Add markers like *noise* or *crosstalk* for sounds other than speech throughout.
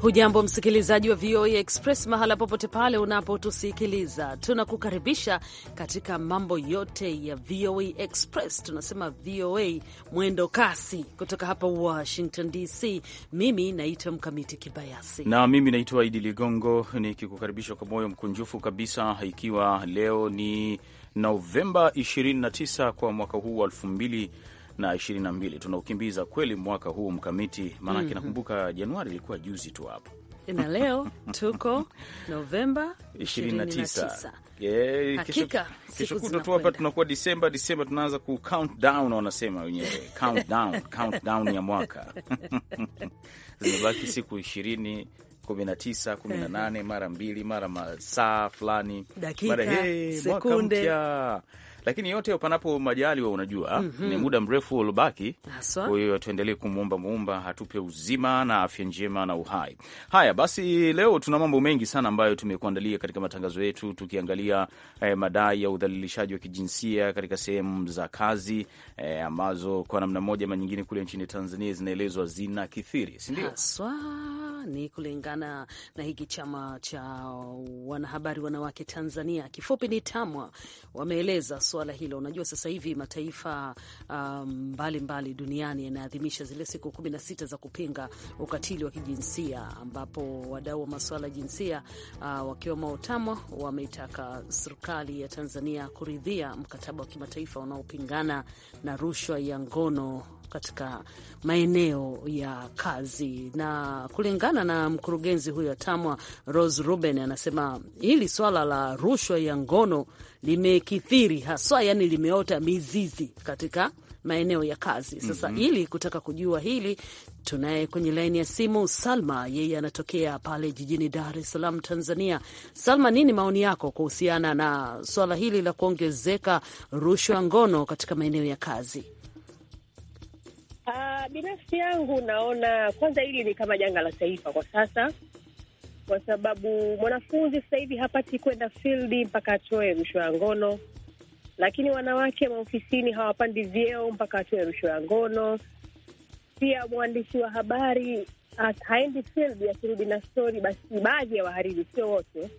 Hujambo msikilizaji wa VOA Express mahala popote pale unapotusikiliza, tunakukaribisha katika mambo yote ya VOA Express. Tunasema VOA mwendo kasi, kutoka hapa Washington DC. Mimi naitwa Mkamiti Kibayasi na mimi naitwa Idi Ligongo, nikikukaribisha kwa moyo mkunjufu kabisa, ikiwa leo ni Novemba 29 kwa mwaka huu wa 2000 na 22. Tunaukimbiza kweli mwaka huu mkamiti, maanake mm -hmm. Nakumbuka Januari ilikuwa juzi tu hapo e, na leo *laughs* tuko Novemba 29. Yeah, kesho kutwa tu hapa tunakuwa Disemba. Disemba tunaanza ku countdown, wanasema wenyewe countdown, *laughs* countdown ya mwaka *laughs* zimebaki siku ishirini 19, 18 mara mbili mara masaa fulani mara hey, sekunde lakini yote panapo wa unajua mm -hmm. ni muda mrefu uliobaki, kwa hiyo tuendelee kumwomba Muumba hatupe uzima na afya njema na uhai. Haya basi, leo tuna mambo mengi sana ambayo tumekuandalia katika matangazo yetu, tukiangalia eh, madai ya udhalilishaji wa kijinsia katika sehemu za kazi eh, ambazo kwa namna moja ama nyingine kule nchini Tanzania zinaelezwa zina kithiri, sindio? Haswa ni kulingana na hiki chama cha wanahabari wanawake Tanzania, kifupi ni TAMWA, wameeleza suala hilo. Unajua sasa hivi mataifa um, mbalimbali um, mbali duniani yanaadhimisha zile siku kumi na sita za kupinga ukatili wa kijinsia, ambapo wadau wa masuala ya jinsia uh, wakiwemo utamwa wameitaka serikali ya Tanzania kuridhia mkataba wa kimataifa unaopingana na rushwa ya ngono katika maeneo ya kazi. Na kulingana na mkurugenzi huyo TAMWA Rose Ruben, anasema hili swala la rushwa ya ngono limekithiri hasa haswa, yani limeota mizizi katika maeneo ya kazi. Sasa mm -hmm. ili kutaka kujua hili, tunaye kwenye laini ya simu Salma, yeye anatokea pale jijini Dar es Salaam, Tanzania. Salma, nini maoni yako kuhusiana na swala hili la kuongezeka rushwa ngono katika maeneo ya kazi? Uh, binafsi yangu naona kwanza hili ni kama janga la taifa kwa sasa, kwa sababu mwanafunzi sasa hivi hapati kwenda fildi mpaka atoe rushwa ya ngono lakini wanawake maofisini hawapandi vyeo mpaka ya rushwa ya ngono. Pia mwandishi wa habari ah, haendi field akirudi na stori, basi baadhi ya wahariri, sio wote,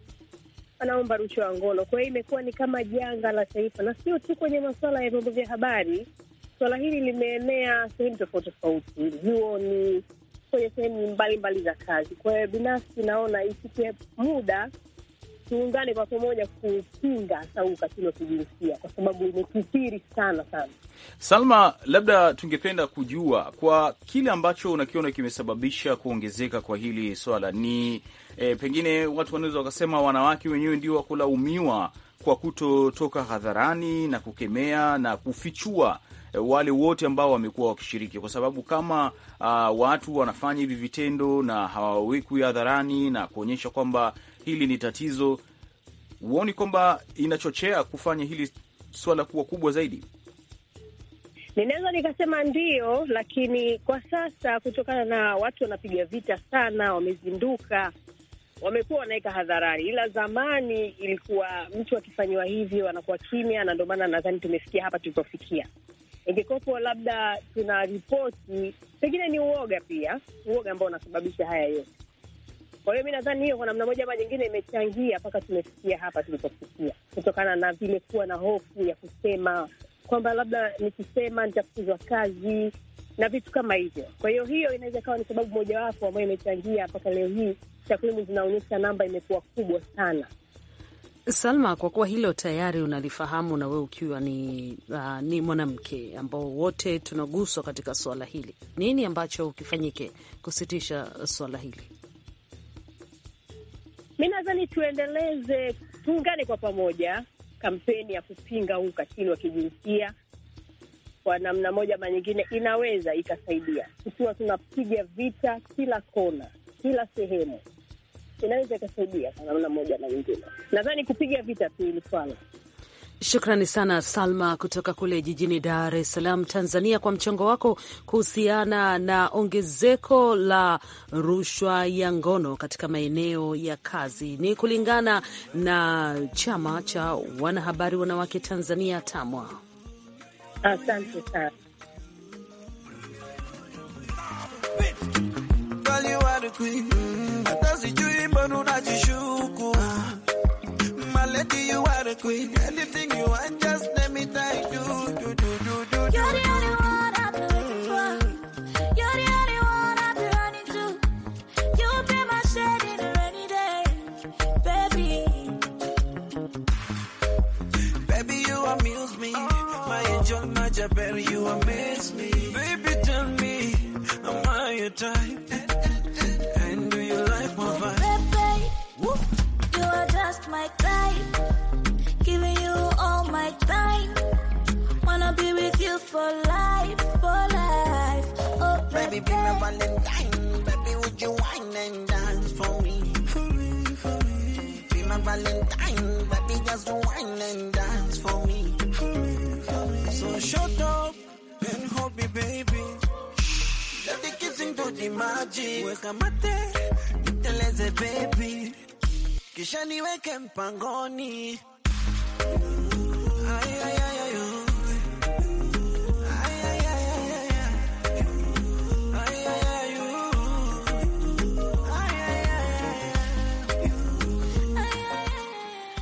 wanaomba rushwa ya ngono. Kwa hiyo imekuwa ni kama janga la taifa, na sio tu kwenye masuala ya vyombo vya habari. Swala hili limeenea sehemu tofauti tofauti, vyuoni, kwenye sehemu mbalimbali za kazi. Kwa hiyo binafsi naona ifikie muda tuungane kwa pamoja kupinga sauka kilo kijinsia, kwa sababu imekithiri sana sana. Salma, labda tungependa kujua kwa kile ambacho unakiona kimesababisha kuongezeka kwa hili swala ni e, pengine watu wanaweza wakasema wanawake wenyewe ndio wakulaumiwa kwa kutotoka hadharani na kukemea na kufichua e, wale wote ambao wamekuwa wakishiriki, kwa sababu kama uh, watu wanafanya hivi vitendo na hawawekwi hadharani na kuonyesha kwamba hili ni tatizo, huoni kwamba inachochea kufanya hili swala kuwa kubwa zaidi? Ninaweza nikasema ndio lakini kwa sasa kutokana na watu wanapiga vita sana, wamezinduka, wamekuwa wanaweka hadharani, ila zamani ilikuwa mtu akifanyiwa hivyo anakuwa kimya, na ndio maana nadhani tumefikia hapa tulipofikia. Ingekopo labda tuna ripoti, pengine ni uoga pia, uoga ambao unasababisha haya yote. Kwa hiyo mi nadhani hiyo kwa namna moja ama nyingine imechangia mpaka tumefikia hapa tulipofikia, kutokana na vile kuwa na hofu ya kusema kwamba labda nikisema nitafukuzwa kazi na vitu kama hivyo. Kwa hiyo hiyo inaweza ikawa ni sababu mojawapo ambayo imechangia mpaka leo hii takwimu zinaonyesha namba imekuwa kubwa sana. Salma, kwa kuwa hilo tayari unalifahamu na wewe ukiwa ni, uh, ni mwanamke ambao wote tunaguswa katika suala hili, nini ambacho ukifanyike kusitisha suala hili? Mi nadhani tuendeleze, tuungane kwa pamoja kampeni ya kupinga huu ukatili wa kijinsia kwa namna moja ama nyingine, inaweza ikasaidia tukiwa tunapiga vita kila kona, kila sehemu, inaweza ikasaidia kwa namna moja ama nyingine. Nadhani kupiga vita tu ili swala Shukrani sana Salma kutoka kule jijini Dar es Salaam, Tanzania, kwa mchango wako kuhusiana na ongezeko la rushwa ya ngono katika maeneo ya kazi. Ni kulingana na chama cha wanahabari wanawake Tanzania, TAMWA. Asante sana. my lady, you are a queen. Anything you want, just let me tie you. Do, do, do, do, You're the only one I've been looking for. You're the only one I've been running to. You'll be my shade in a rainy day, baby. Baby, you amuse me. Oh. My angel, my Jabber, you amaze me. Baby, tell me, am I your type? and do you like my vibe? Baby, woo are just my type. Giving you all my time. Wanna be with you for life, for life. Oh, baby, be my Valentine. Baby, would you wine and dance for me? For me, for me. Be my Valentine. Baby, just wine and dance for me. For me, for me. So shut up and hold me, baby. Let the kissing do the magic. Wake up, Niteleze, baby. kisha niweke mpangoni. Ay, ay, ay, ay, ay.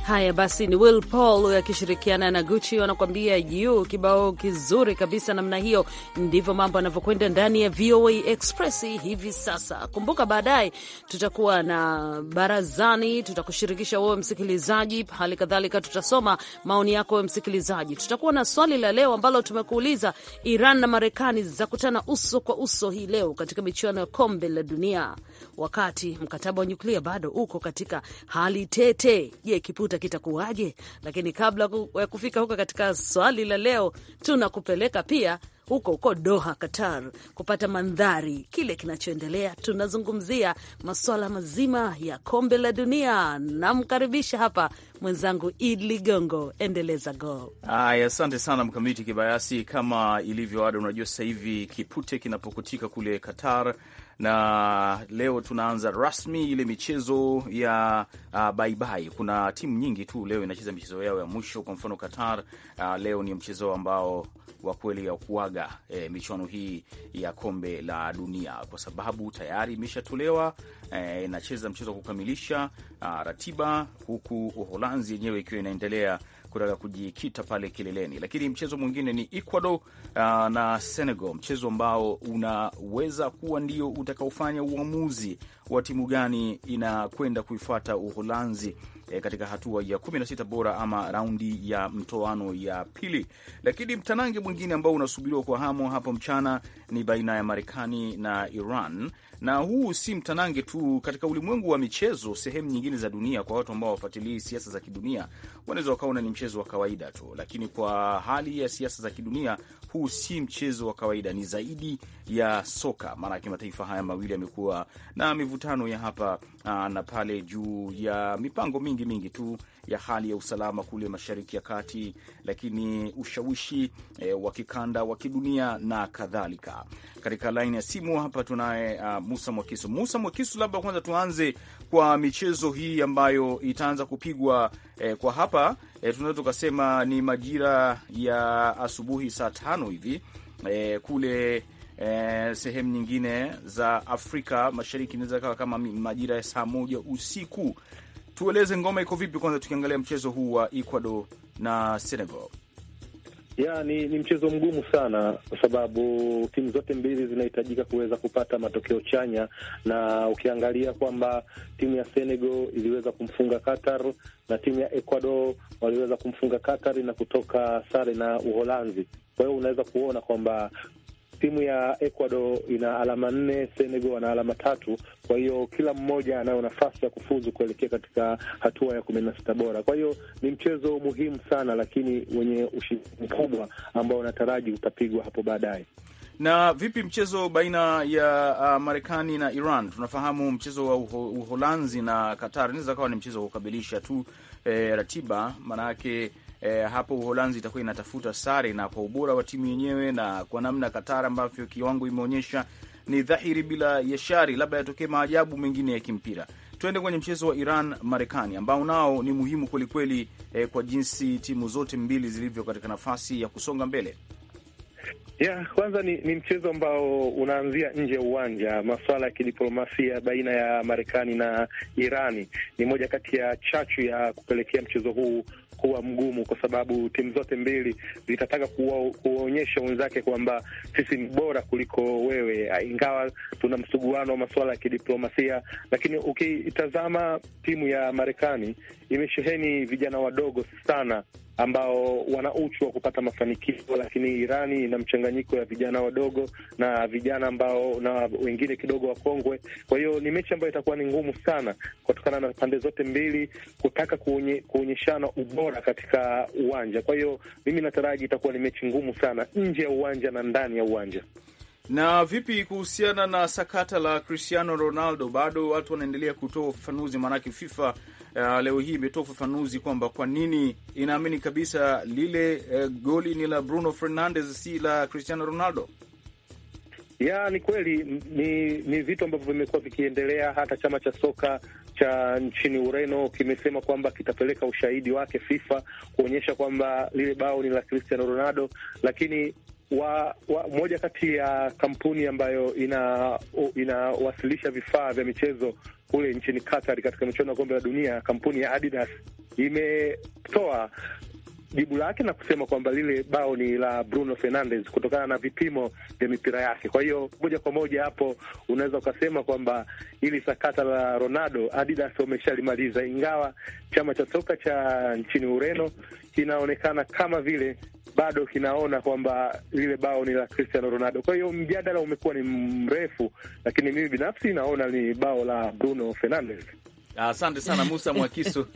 Haya basi, ni Will Paul akishirikiana na Gucci wanakuambia juu kibao kizuri kabisa namna hiyo. Ndivyo mambo yanavyokwenda ndani ya VOA Express hivi sasa. Kumbuka baadaye tutakuwa na barazani, tutakushirikisha wewe msikilizaji, hali kadhalika tutasoma maoni yako wewe msikilizaji. Tutakuwa na swali la leo ambalo tumekuuliza, Iran na Marekani za kutana uso kwa uso hii leo katika michuano ya kombe la dunia wakati mkataba wa nyuklia bado uko katika hali tete. Je, kiputa kitakuwaje? Lakini kabla ya kufika huko, katika swali la leo tunakupeleka pia huko huko Doha, Qatar, kupata mandhari kile kinachoendelea. Tunazungumzia masuala mazima ya kombe la dunia. Namkaribisha hapa mwenzangu Id Ligongo, endeleza go. ay asante sana Mkamiti Kibayasi. Kama ilivyo ada, unajua sasa hivi kipute kinapokutika kule Qatar na leo tunaanza rasmi ile michezo ya uh, ah, baibai. Kuna timu nyingi tu leo inacheza michezo yao ya mwisho. Kwa mfano Qatar, uh, leo ni mchezo ambao wa kweli ya kuaga eh, michuano hii ya kombe la dunia, kwa sababu tayari imeshatolewa eh, inacheza mchezo wa kukamilisha uh, ratiba, huku Uholanzi yenyewe ikiwa inaendelea kutaka kujikita pale kileleni. Lakini mchezo mwingine ni Ecuador uh, na Senegal, mchezo ambao unaweza kuwa ndio utakaofanya uamuzi wa timu gani inakwenda kuifuata Uholanzi eh, katika hatua ya 16 bora ama raundi ya mtoano ya pili. Lakini mtanange mwingine ambao unasubiriwa kwa hamu hapo mchana ni baina ya Marekani na Iran na huu si mtanange tu katika ulimwengu wa michezo. Sehemu nyingine za dunia, kwa watu ambao wafuatilii siasa za kidunia, wanaweza wakaona ni mchezo wa kawaida tu, lakini kwa hali ya siasa za kidunia, huu si mchezo wa kawaida, ni zaidi ya soka. Maanake mataifa haya mawili yamekuwa na mivutano ya hapa ah, na pale juu ya mipango mingi mingi tu ya hali ya usalama kule Mashariki ya Kati, lakini ushawishi e, wa kikanda wa kidunia na kadhalika. Katika laini ya simu hapa tunaye uh, Musa Mwakisu. Musa Mwakisu, labda kwanza tuanze kwa michezo hii ambayo itaanza kupigwa eh, kwa hapa eh, tunaweza tukasema ni majira ya asubuhi saa tano hivi eh, kule Eh, sehemu nyingine za Afrika Mashariki inaweza kawa kama majira ya saa moja usiku. Tueleze ngoma iko vipi kwanza, tukiangalia mchezo huu wa Ecuador na Senegal ya ni, ni mchezo mgumu sana kwa sababu timu zote mbili zinahitajika kuweza kupata matokeo chanya, na ukiangalia kwamba timu ya Senegal iliweza kumfunga Qatar na timu ya Ecuador waliweza kumfunga Qatar na kutoka sare na Uholanzi. Kwa hiyo unaweza kuona kwamba timu ya Ecuador ina alama nne, Senegal ana alama tatu. Kwa hiyo kila mmoja anayo nafasi ya kufuzu kuelekea katika hatua ya kumi na sita bora. Kwa hiyo ni mchezo muhimu sana, lakini wenye ushindani mkubwa ambao unataraji utapigwa hapo baadaye. Na vipi mchezo baina ya uh, Marekani na Iran? Tunafahamu mchezo wa uho, Uholanzi na Qatar inaweza kawa ni mchezo wa kukabilisha tu eh, ratiba maanayake E, hapo Uholanzi itakuwa inatafuta sare, na kwa ubora wa timu yenyewe na kwa namna Katara ambavyo kiwango imeonyesha ni dhahiri bila yashari, labda yatokee maajabu mengine ya kimpira. Tuende kwenye mchezo wa Iran Marekani, ambao nao ni muhimu kwelikweli, eh, kwa jinsi timu zote mbili zilivyo katika nafasi ya kusonga mbele. Yeah, kwanza ni, ni mchezo ambao unaanzia nje ya uwanja. Masuala ya kidiplomasia baina ya Marekani na Irani ni moja kati ya chachu ya kupelekea mchezo huu kuwa mgumu, kwa sababu timu zote mbili zitataka kuwaonyesha wenzake kwamba sisi ni bora kuliko wewe, ingawa tuna msuguano wa masuala ya kidiplomasia. Lakini ukitazama timu ya Marekani imesheheni vijana wadogo sana ambao wana uchu wa kupata mafanikio, lakini Irani ina mchanganyiko ya vijana wadogo na vijana ambao na wengine kidogo wakongwe. Kwa hiyo ni mechi ambayo itakuwa ni ngumu sana kutokana na pande zote mbili kutaka kuonyeshana ubora katika uwanja. Kwa hiyo mimi nataraji itakuwa ni mechi ngumu sana nje ya uwanja na ndani ya uwanja. Na vipi kuhusiana na sakata la Cristiano Ronaldo? Bado watu wanaendelea kutoa ufafanuzi, maanake FIFA uh, leo hii imetoa ufafanuzi kwamba kwa nini inaamini kabisa lile uh, goli ni la Bruno Fernandes, si la Cristiano Ronaldo. Ya, ni kweli ni, ni vitu ambavyo vimekuwa vikiendelea. Hata chama cha soka cha nchini Ureno kimesema kwamba kitapeleka ushahidi wake FIFA kuonyesha kwamba lile bao ni la Cristiano Ronaldo, lakini wa, wa, moja kati ya kampuni ambayo inawasilisha ina vifaa vya michezo kule nchini Qatar katika michuano ya kombe la dunia, kampuni ya Adidas imetoa jibu lake na kusema kwamba lile bao ni la Bruno Fernandes kutokana na vipimo vya mipira yake. Kwa hiyo moja kwa moja hapo unaweza ukasema kwamba hili sakata la Ronaldo Adidas wameshalimaliza, ingawa chama cha soka cha nchini Ureno kinaonekana kama vile bado kinaona kwamba lile bao ni la Cristiano Ronaldo. Kwa hiyo mjadala umekuwa ni mrefu, lakini mimi binafsi naona ni bao la Bruno Fernandes. Asante sana Musa Mwakisu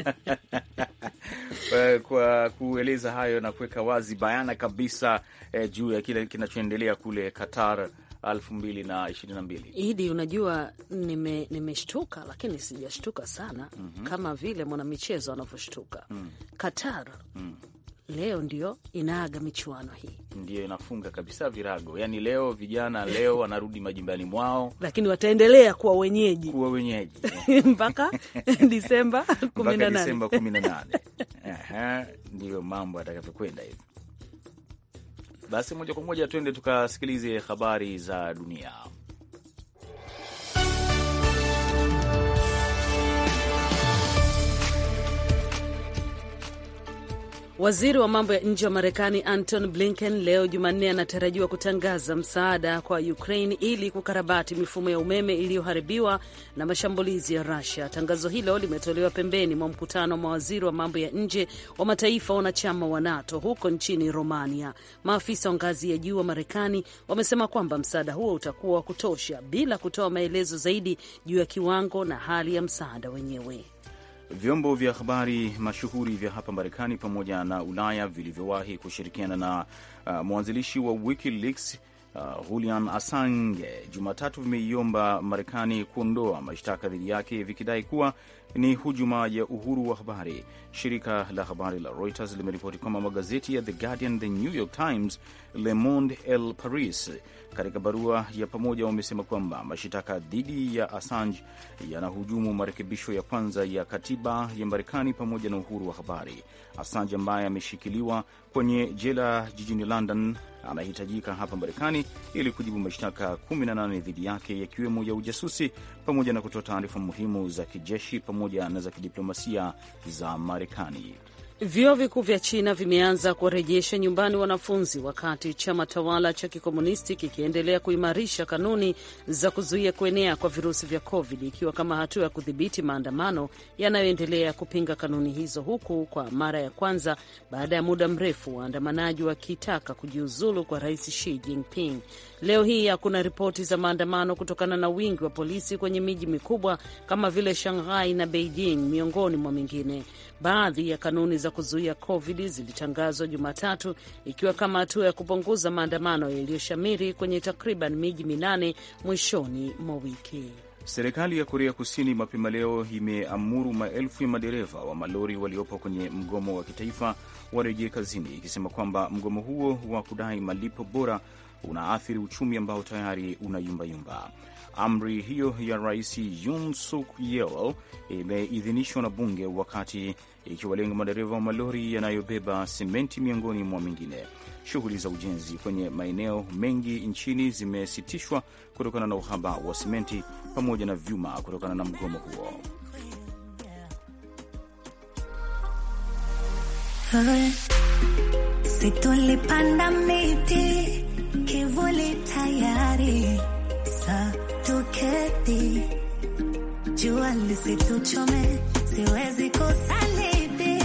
*laughs* eh, kwa kueleza hayo na kuweka wazi bayana kabisa eh, juu ya kile kinachoendelea kule Qatar 2022. Idi, unajua nimeshtuka nime, lakini sijashtuka sana mm -hmm. kama vile mwanamichezo anavyoshtuka mm. Qatar mm leo ndio inaaga michuano hii, ndio inafunga kabisa virago. Yani leo vijana leo wanarudi majumbani mwao, lakini wataendelea kuwa wenyeji, kuwa wenyeji *laughs* mpaka Disemba kumi na Disemba kumi na nane. Ndiyo mambo yatakavyokwenda hivi. Basi moja kwa moja tuende tukasikilize habari za dunia. Waziri wa mambo ya nje wa Marekani Anton Blinken leo Jumanne anatarajiwa kutangaza msaada kwa Ukraine ili kukarabati mifumo ya umeme iliyoharibiwa na mashambulizi ya Rusia. Tangazo hilo limetolewa pembeni mwa mkutano wa mawaziri wa mambo ya nje wa mataifa wanachama wa NATO huko nchini Romania. Maafisa wa ngazi ya juu wa Marekani wamesema kwamba msaada huo utakuwa wa kutosha bila kutoa maelezo zaidi juu ya kiwango na hali ya msaada wenyewe. Vyombo vya habari mashuhuri vya hapa Marekani pamoja na Ulaya vilivyowahi kushirikiana na uh, mwanzilishi wa WikiLeaks uh, Julian Assange Jumatatu vimeiomba Marekani kuondoa mashtaka dhidi yake vikidai kuwa ni hujuma ya uhuru wa habari. Shirika la habari la Reuters limeripoti kwamba magazeti ya The Guardian, The New York Times, Le Monde, El Paris katika barua ya pamoja wamesema kwamba mashitaka dhidi ya Assange yanahujumu marekebisho ya kwanza ya katiba ya Marekani pamoja na uhuru wa habari. Assange ambaye ameshikiliwa kwenye jela jijini London anahitajika hapa Marekani ili kujibu mashtaka 18 dhidi yake yakiwemo ya ujasusi pamoja na kutoa taarifa muhimu za kijeshi pamoja na za kidiplomasia za Marekani. Vyuo vikuu vya China vimeanza kuwarejesha nyumbani wanafunzi wakati chama tawala cha kikomunisti kikiendelea kuimarisha kanuni za kuzuia kuenea kwa virusi vya COVID ikiwa kama hatua ya kudhibiti maandamano yanayoendelea kupinga kanuni hizo, huku kwa mara ya kwanza baada ya muda mrefu waandamanaji wakitaka kujiuzulu kwa Rais Xi Jinping. Leo hii hakuna ripoti za maandamano kutokana na wingi wa polisi kwenye miji mikubwa kama vile Shanghai na Beijing, miongoni mwa mingine. Baadhi ya kanuni za kuzuia COVID zilitangazwa Jumatatu ikiwa kama hatua ya kupunguza maandamano yaliyoshamiri kwenye takriban miji minane mwishoni mwa wiki. Serikali ya Korea Kusini mapema leo imeamuru maelfu ya madereva wa malori waliopo kwenye mgomo wa kitaifa warejee kazini, ikisema kwamba mgomo huo wa kudai malipo bora unaathiri uchumi ambao tayari unayumbayumba. Amri hiyo ya Rais Yoon Suk Yeol imeidhinishwa na bunge wakati ikiwalenga madereva wa malori yanayobeba simenti miongoni mwa mingine. Shughuli za ujenzi kwenye maeneo mengi nchini zimesitishwa kutokana na uhaba wa simenti pamoja na vyuma kutokana na mgomo huo. Situlipanda miti kivuli tayari kuketi, jua lisituchome, siwezi kusaliti,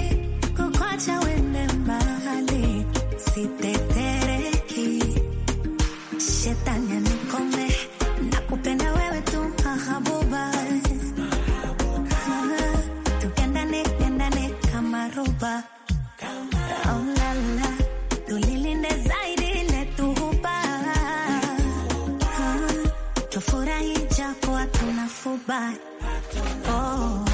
kukwacha wende mbali site Furahi japo hatuna fuba oh.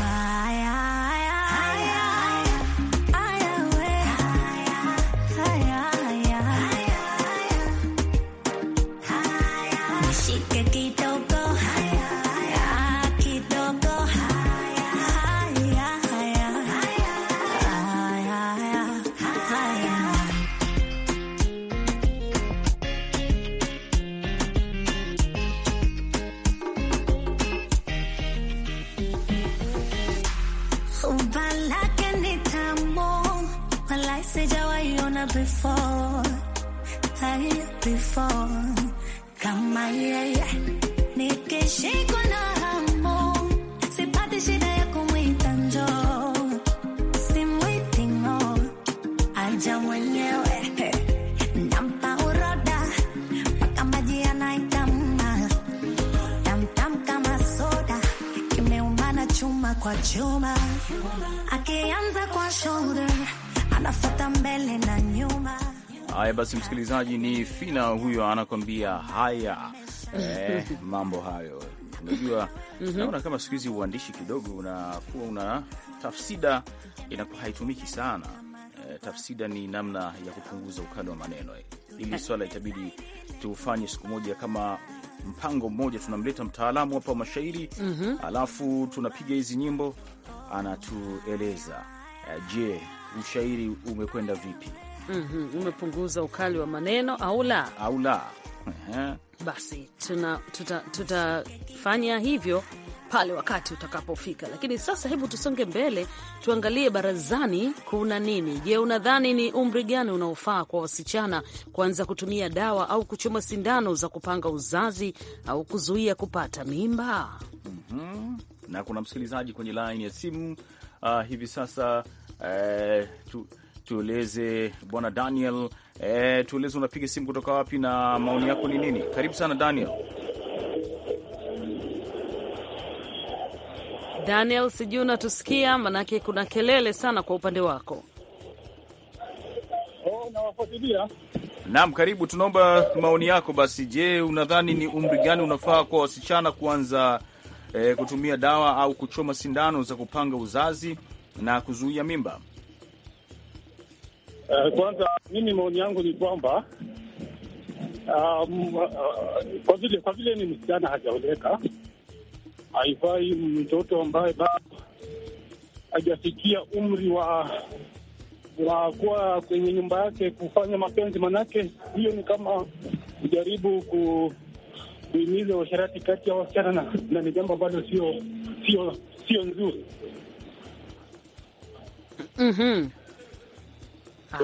kwa chuma, akianza kwa shoulder, anafuata mbele na nyuma. Haya basi, msikilizaji, ni Fina huyo anakwambia haya. Eh, mambo hayo unajua mhm. naona kama siku hizi uandishi kidogo unakuwa una tafsida inakuwa haitumiki sana. Eh, tafsida ni namna ya kupunguza ukali wa maneno. Hili *laughs* swala itabidi tufanye siku moja kama mpango mmoja, tunamleta mtaalamu hapa wa mashairi mm -hmm. alafu tunapiga hizi nyimbo, anatueleza eh, je, ushairi umekwenda vipi? mm -hmm. umepunguza ukali wa maneno au la, au la? *laughs* Basi tutafanya tuta hivyo pale wakati utakapofika. Lakini sasa, hebu tusonge mbele, tuangalie barazani kuna nini. Je, unadhani ni umri gani unaofaa kwa wasichana kuanza kutumia dawa au kuchoma sindano za kupanga uzazi au kuzuia kupata mimba? mm -hmm. Na kuna msikilizaji kwenye laini ya simu uh, hivi sasa uh, tu tueleze bwana Daniel, eh, tueleze unapiga simu kutoka wapi na maoni yako ni nini? Karibu sana Daniel. Daniel, sijui unatusikia, manake kuna kelele sana kwa upande wako. Oh, nawafuatilia. Naam, karibu, tunaomba maoni yako basi. Je, unadhani ni umri gani unafaa kwa wasichana kuanza eh, kutumia dawa au kuchoma sindano za kupanga uzazi na kuzuia mimba? Uh, kwanza mimi maoni yangu ni kwamba um, uh, kwa vile kwa vile ni msichana hajaoleka haifai mtoto ambaye bado hajafikia umri wa wa kuwa kwenye nyumba yake kufanya mapenzi, manake hiyo ni kama kujaribu ku kuhimiza kati ya wasichana na, na ni jambo ambalo sio sio sio nzuri. mm -hmm.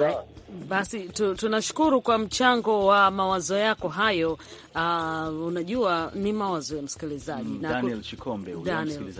yeah. Basi tu, tunashukuru kwa mchango wa mawazo yako hayo. Uh, unajua ni mawazo ya msikilizaji mm, Daniel Chikombe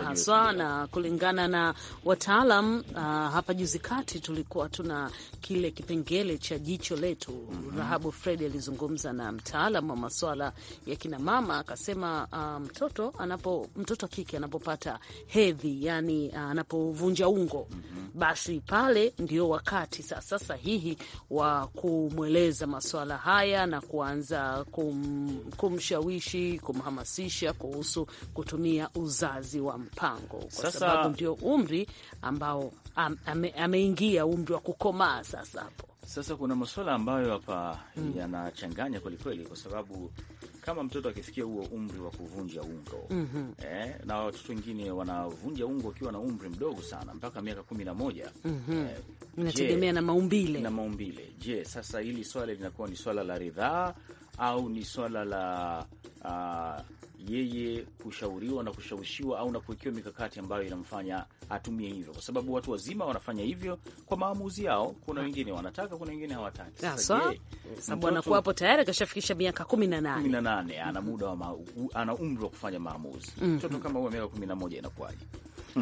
haswa, na kulingana na wataalam uh, hapa juzi kati tulikuwa tuna kile kipengele cha jicho letu mm -hmm. Rahabu Fred alizungumza na mtaalam wa maswala ya kinamama akasema, uh, mtoto anapo mtoto kike anapopata hedhi yani, uh, anapovunja ungo mm -hmm. basi pale ndio wakati sasa sahihi wa kumweleza masuala haya na kuanza kum, kumshawishi kumhamasisha kuhusu kutumia uzazi wa mpango kwa sasa, sababu ndio umri ambao am, am, ameingia umri wa kukomaa sasa hapo. Sasa kuna masuala ambayo hapa mm. yanachanganya kwelikweli kwa sababu kama mtoto akifikia huo umri wa kuvunja ungo mm -hmm. eh, na watoto wengine wanavunja ungo wakiwa na umri mdogo sana mpaka miaka kumi na moja mm -hmm. eh, na maumbile na maumbile. Je, sasa hili swala linakuwa ni swala la ridhaa au ni swala la uh, yeye kushauriwa na kushawishiwa au na kuwekewa mikakati ambayo inamfanya atumie hivyo, kwa sababu watu wazima wanafanya hivyo kwa maamuzi yao. Kuna wengine wanataka, kuna wengine hawataki. Sasa sababu anakuwa hapo tayari kashafikisha miaka kumi na nane, kumi na nane ana muda, ana umri wa kufanya maamuzi. Mhm. Mtoto mm -hmm. kama huyo miaka kumi na moja inakuwaje?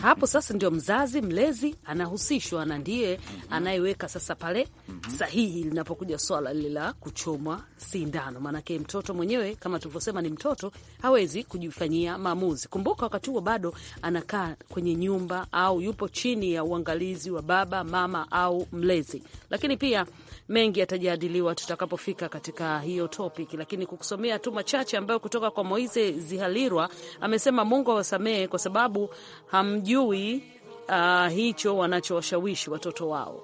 hapo sasa ndio mzazi mlezi anahusishwa na ndiye anayeweka sasa pale sahihi linapokuja swala lile la kuchomwa sindano, maanake mtoto mwenyewe kama tulivyosema ni mtoto, hawezi kujifanyia maamuzi. Kumbuka wakati huo bado anakaa kwenye nyumba au yupo chini ya uangalizi wa baba mama au mlezi, lakini pia mengi yatajadiliwa tutakapofika katika hiyo topic, lakini kukusomea tu machache ambayo kutoka kwa Moise Zihalirwa amesema Mungu awasamehe kwa sababu ham hamjui uh, hicho wanachowashawishi watoto wao.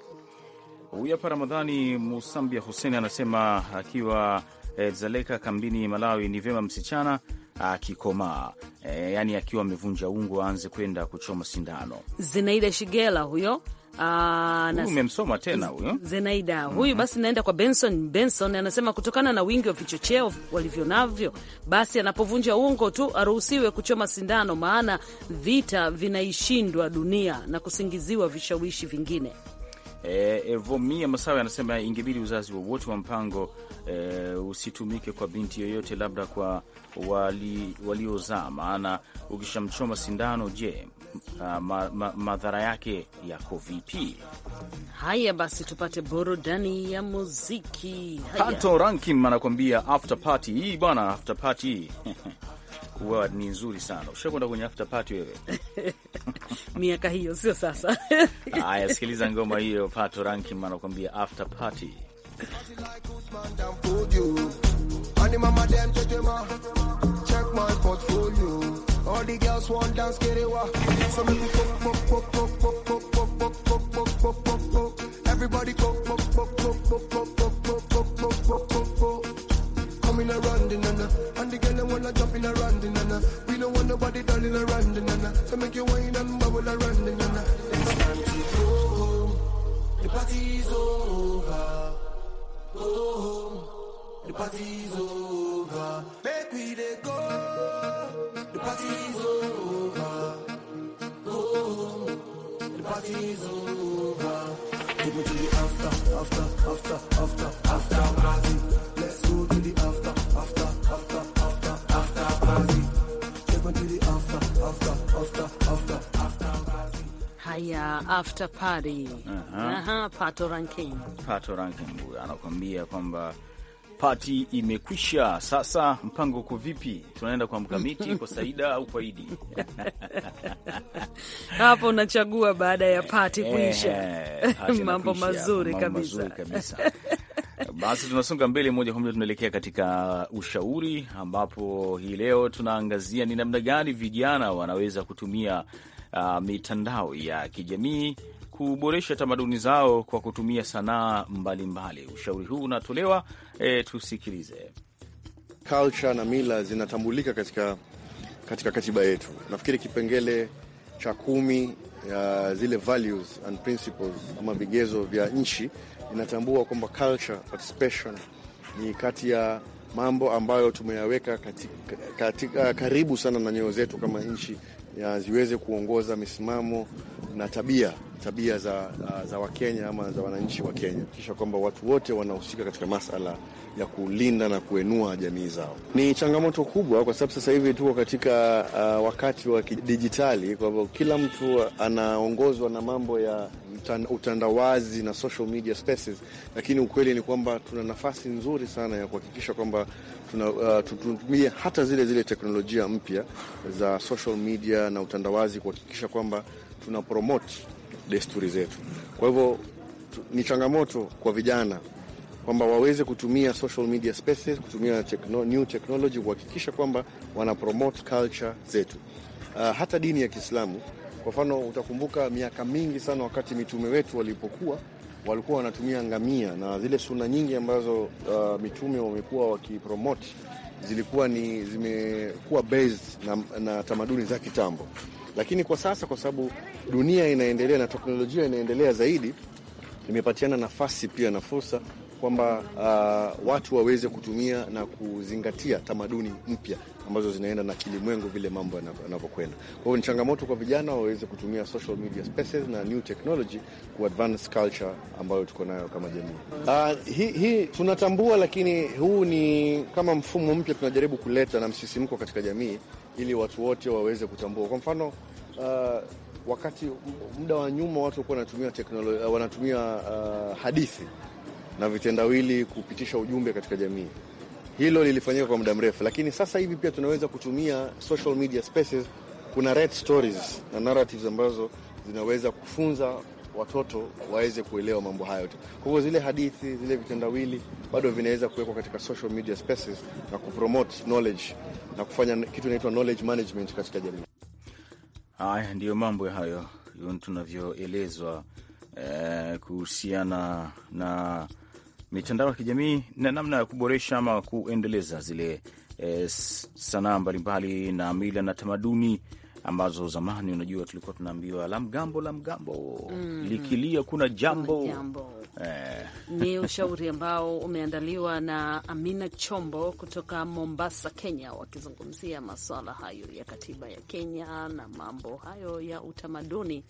Huyu hapa Ramadhani Musambia Hussein anasema akiwa e, Zaleka kambini Malawi, ni vyema msichana akikomaa e, yaani akiwa amevunja ungo aanze kwenda kuchoma sindano. Zinaida Shigela huyo Ah, umemsoma tena huyo Zenaida huyu. mm -hmm. Basi naenda kwa Benson. Benson anasema kutokana na wingi wa vichocheo walivyo navyo, basi anapovunja ungo tu aruhusiwe kuchoma sindano, maana vita vinaishindwa dunia na kusingiziwa vishawishi vingine. E, Evomia Masawe anasema ingebidi uzazi wowote wa, wa mpango e, usitumike kwa binti yoyote, labda kwa waliozaa wali, maana ukishamchoma sindano, je uh, madhara ma, yake yako vipi? Haya basi, tupate burudani ya muziki. Hato Rankim anakuambia after party hii bwana, after party kuwa *laughs* ni nzuri sana. Ushakwenda kwenye after party wewe? *laughs* miaka hiyo sio sasa. *laughs* Haya, sikiliza ngoma hiyo, Pato Rankim anakuambia after party my portfolio. All the girls want dance, kerewa. So make me pop, pop, pop, pop, pop, pop, pop, pop, pop, pop, pop, pop. Everybody pop, pop, pop, pop, pop, pop, pop, pop, pop, pop, pop, pop, pop. Coming around the nana, and the girls wanna jump in around the nana. We don't want nobody dancing around the nana. So make you wine and bubble around the nana. It's time to go home. The party's over. Go home. The party's over. Make we go. The party over. Oh, the party over. Take me to the after, after, after, after, after party. Let's go to the after, after, after, after, after party. Take me to the after, after, after, after, after party. Haya, after party. Aha, Pato Ranking. Pato Ranking anakuambia kwamba Pati imekwisha. Sasa mpango uko vipi? Tunaenda kwa mkamiti kwa Saida au kwa Idi? *laughs* Hapo unachagua baada ya pati eh, kuisha. *laughs* Mambo mazuri kabisa, kabisa. Basi tunasonga mbele moja kwa moja, tunaelekea katika ushauri, ambapo hii leo tunaangazia ni namna gani vijana wanaweza kutumia uh, mitandao ya kijamii kuboresha tamaduni zao kwa kutumia sanaa mbalimbali. Ushauri huu unatolewa e, tusikilize. Culture na mila zinatambulika katika, katika katiba yetu. Nafikiri kipengele cha kumi ya zile values and principles ama vigezo vya nchi inatambua kwamba culture participation ni kati ya mambo ambayo tumeyaweka katika, katika karibu sana na nyoyo zetu kama nchi ziweze kuongoza misimamo na tabia tabia za, za Wakenya ama za wananchi wa Kenya, kisha kwamba watu wote wanahusika katika masala ya kulinda na kuenua jamii zao. Ni changamoto kubwa, kwa sababu sasa hivi tuko katika uh, wakati wa kidijitali, kwa hivyo kila mtu anaongozwa na mambo ya utandawazi na social media spaces, lakini ukweli ni kwamba tuna nafasi nzuri sana ya kuhakikisha kwamba uh, tutumie uh, hata zile zile teknolojia mpya za social media na utandawazi kuhakikisha kwamba tuna promote desturi zetu. Kwa hivyo ni changamoto kwa vijana kwamba waweze kutumia social media spaces, kutumia techno, new technology kuhakikisha kwamba wana promote culture zetu. Uh, hata dini ya Kiislamu kwa mfano, utakumbuka miaka mingi sana wakati mitume wetu walipokuwa walikuwa wanatumia ngamia na zile suna nyingi ambazo uh, mitume wamekuwa wakipromote zilikuwa ni zimekuwa based na, na tamaduni za kitambo. Lakini kwa sasa, kwa sababu dunia inaendelea na teknolojia inaendelea zaidi, imepatiana nafasi pia na fursa kwamba uh, watu waweze kutumia na kuzingatia tamaduni mpya ambazo zinaenda na kilimwengu vile mambo yanavyokwenda. Kwa hiyo ni changamoto kwa vijana waweze kutumia social media spaces na new technology ku advance culture ambayo tuko nayo kama jamii. Uh, hii hi, tunatambua, lakini huu ni kama mfumo mpya tunajaribu kuleta na msisimko katika jamii ili watu wote waweze kutambua. Kwa mfano uh, wakati muda wa nyuma watu walikuwa wanatumia teknolojia, uh, wanatumia uh, hadithi na vitendawili kupitisha ujumbe katika jamii. Hilo lilifanyika kwa muda mrefu, lakini sasa hivi pia tunaweza kutumia social media spaces. Kuna red stories na narratives ambazo zinaweza kufunza watoto waweze kuelewa mambo hayo yote. Kwa hivyo zile hadithi, zile vitendawili bado vinaweza kuwekwa katika social media spaces na kupromote knowledge na kufanya kitu inaitwa knowledge management katika jamii. Haya ndiyo mambo hayo tunavyoelezwa eh, kuhusiana na mitandao ya kijamii na namna ya kuboresha ama kuendeleza zile eh, sanaa mbalimbali na mila na tamaduni ambazo zamani unajua tulikuwa tunaambiwa la mgambo la mgambo mm, likilia kuna jambo, jambo. Eh. Ni *laughs* ushauri ambao umeandaliwa na Amina Chombo kutoka Mombasa, Kenya, wakizungumzia maswala hayo ya katiba ya Kenya na mambo hayo ya utamaduni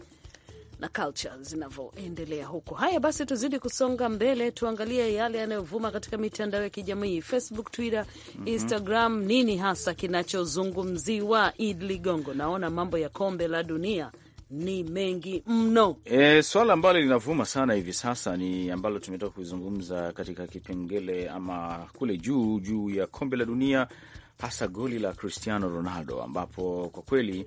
na culture zinavyoendelea huko. Haya basi, tuzidi kusonga mbele, tuangalie yale yanayovuma katika mitandao ya kijamii Facebook, Twitter, mm -hmm. Instagram. Nini hasa kinachozungumziwa? Id Ligongo, naona mambo ya kombe la dunia ni mengi mno. E, swala ambalo linavuma sana hivi sasa ni ambalo tumetoka kuzungumza katika kipengele ama kule juu juu ya kombe la dunia, hasa goli la Cristiano Ronaldo, ambapo kwa kweli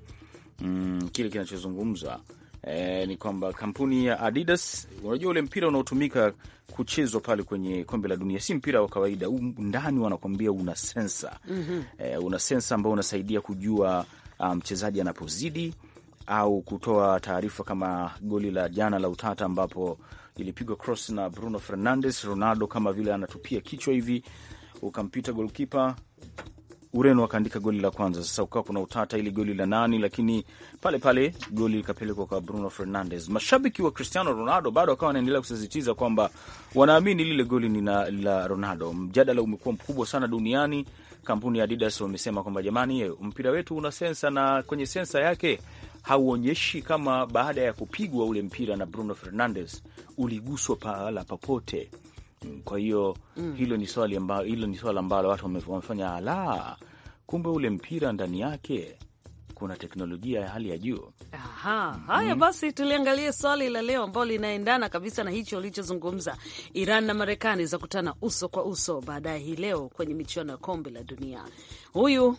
mm, kile kinachozungumzwa e, ni kwamba kampuni ya Adidas, unajua ule mpira unaotumika kuchezwa pale kwenye kombe la dunia si mpira wa kawaida. Ndani wanakwambia una sensa mm -hmm. E, una sensa ambao unasaidia kujua mchezaji um, anapozidi au kutoa taarifa kama goli la jana la utata ambapo ilipigwa cross na Bruno Fernandes, Ronaldo kama vile anatupia kichwa hivi ukampita golkipa Ureno wakaandika goli la kwanza. Sasa ukawa kuna utata, ili goli la nani? Lakini pale pale goli likapelekwa kwa Bruno Fernandes. Mashabiki wa Cristiano Ronaldo bado wakawa wanaendelea kusisitiza kwamba wanaamini lile goli ni la Ronaldo. Mjadala umekuwa mkubwa sana duniani. Kampuni ya Adidas wamesema kwamba jamani, eh, mpira wetu una sensa na kwenye sensa yake hauonyeshi kama baada ya kupigwa ule mpira na Bruno Fernandes uliguswa pahala papote kwa hiyo mm. hilo ni swali ambalo hilo ni swala ambalo watu wamefanya, la kumbe ule mpira ndani yake kuna teknolojia ya hali ya juu. Aha, mm -hmm. Haya mm-hmm. basi, tuliangalie swali la leo ambao linaendana kabisa na hicho ulichozungumza. Iran na Marekani za kutana uso kwa uso baadaye hii leo kwenye michuano ya kombe la dunia. Huyu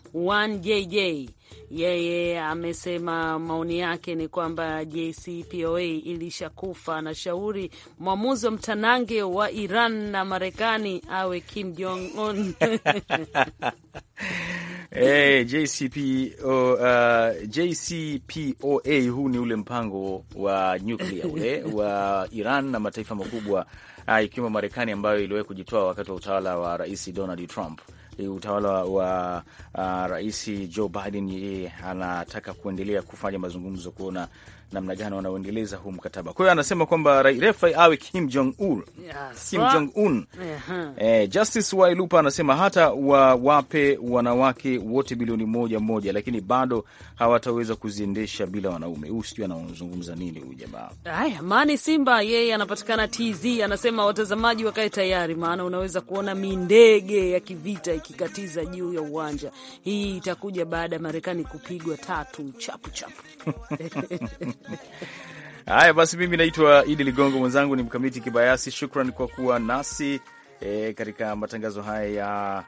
JJ yeye amesema maoni yake ni kwamba JCPOA ilishakufa na shauri mwamuzi wa mtanange wa Iran na Marekani awe Kim Jong Un. *laughs* Hey, eh, JCPO, oh, uh, JCPOA huu ni ule mpango wa nyuklia ule *laughs* wa Iran na mataifa makubwa uh, ikiwemo Marekani ambayo iliwahi kujitoa wakati wa utawala wa Rais Donald Trump. E, utawala wa uh, Rais Joe Biden yeye anataka kuendelea kufanya mazungumzo kuona namna gani wanaoendeleza huu mkataba. Kwa hiyo anasema kwamba refa awe Kim Jong Un, yes. Kim Jong Un. Yeah. Uh-huh. Eh, Justice Wailupa anasema hata wawape wanawake wote bilioni moja moja, lakini bado hawataweza kuziendesha bila wanaume. Huu sijui anaozungumza nini huyu jamaa. Haya, Mani Simba yeye anapatikana TZ, anasema watazamaji wakae tayari, maana unaweza kuona mindege ya kivita ikikatiza juu ya uwanja. Hii itakuja baada ya Marekani kupigwa tatu chapu chapu *laughs* *laughs* Haya basi, mimi naitwa Idi Ligongo, mwenzangu ni Mkamiti Kibayasi. Shukran kwa kuwa nasi e, katika matangazo haya ya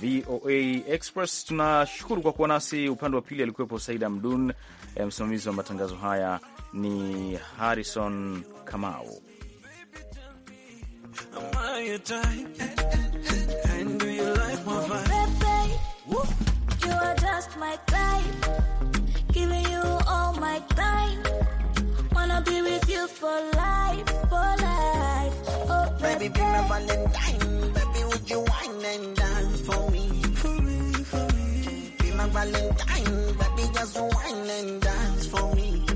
VOA Express. Tunashukuru kwa kuwa nasi. Upande wa pili alikuwepo Said Amdun, e, msimamizi wa matangazo haya ni Harrison Kamau. Oh, baby, be my Valentine. Baby, would you wine and dance for me. Be my Valentine. Baby, just wine and dance for me.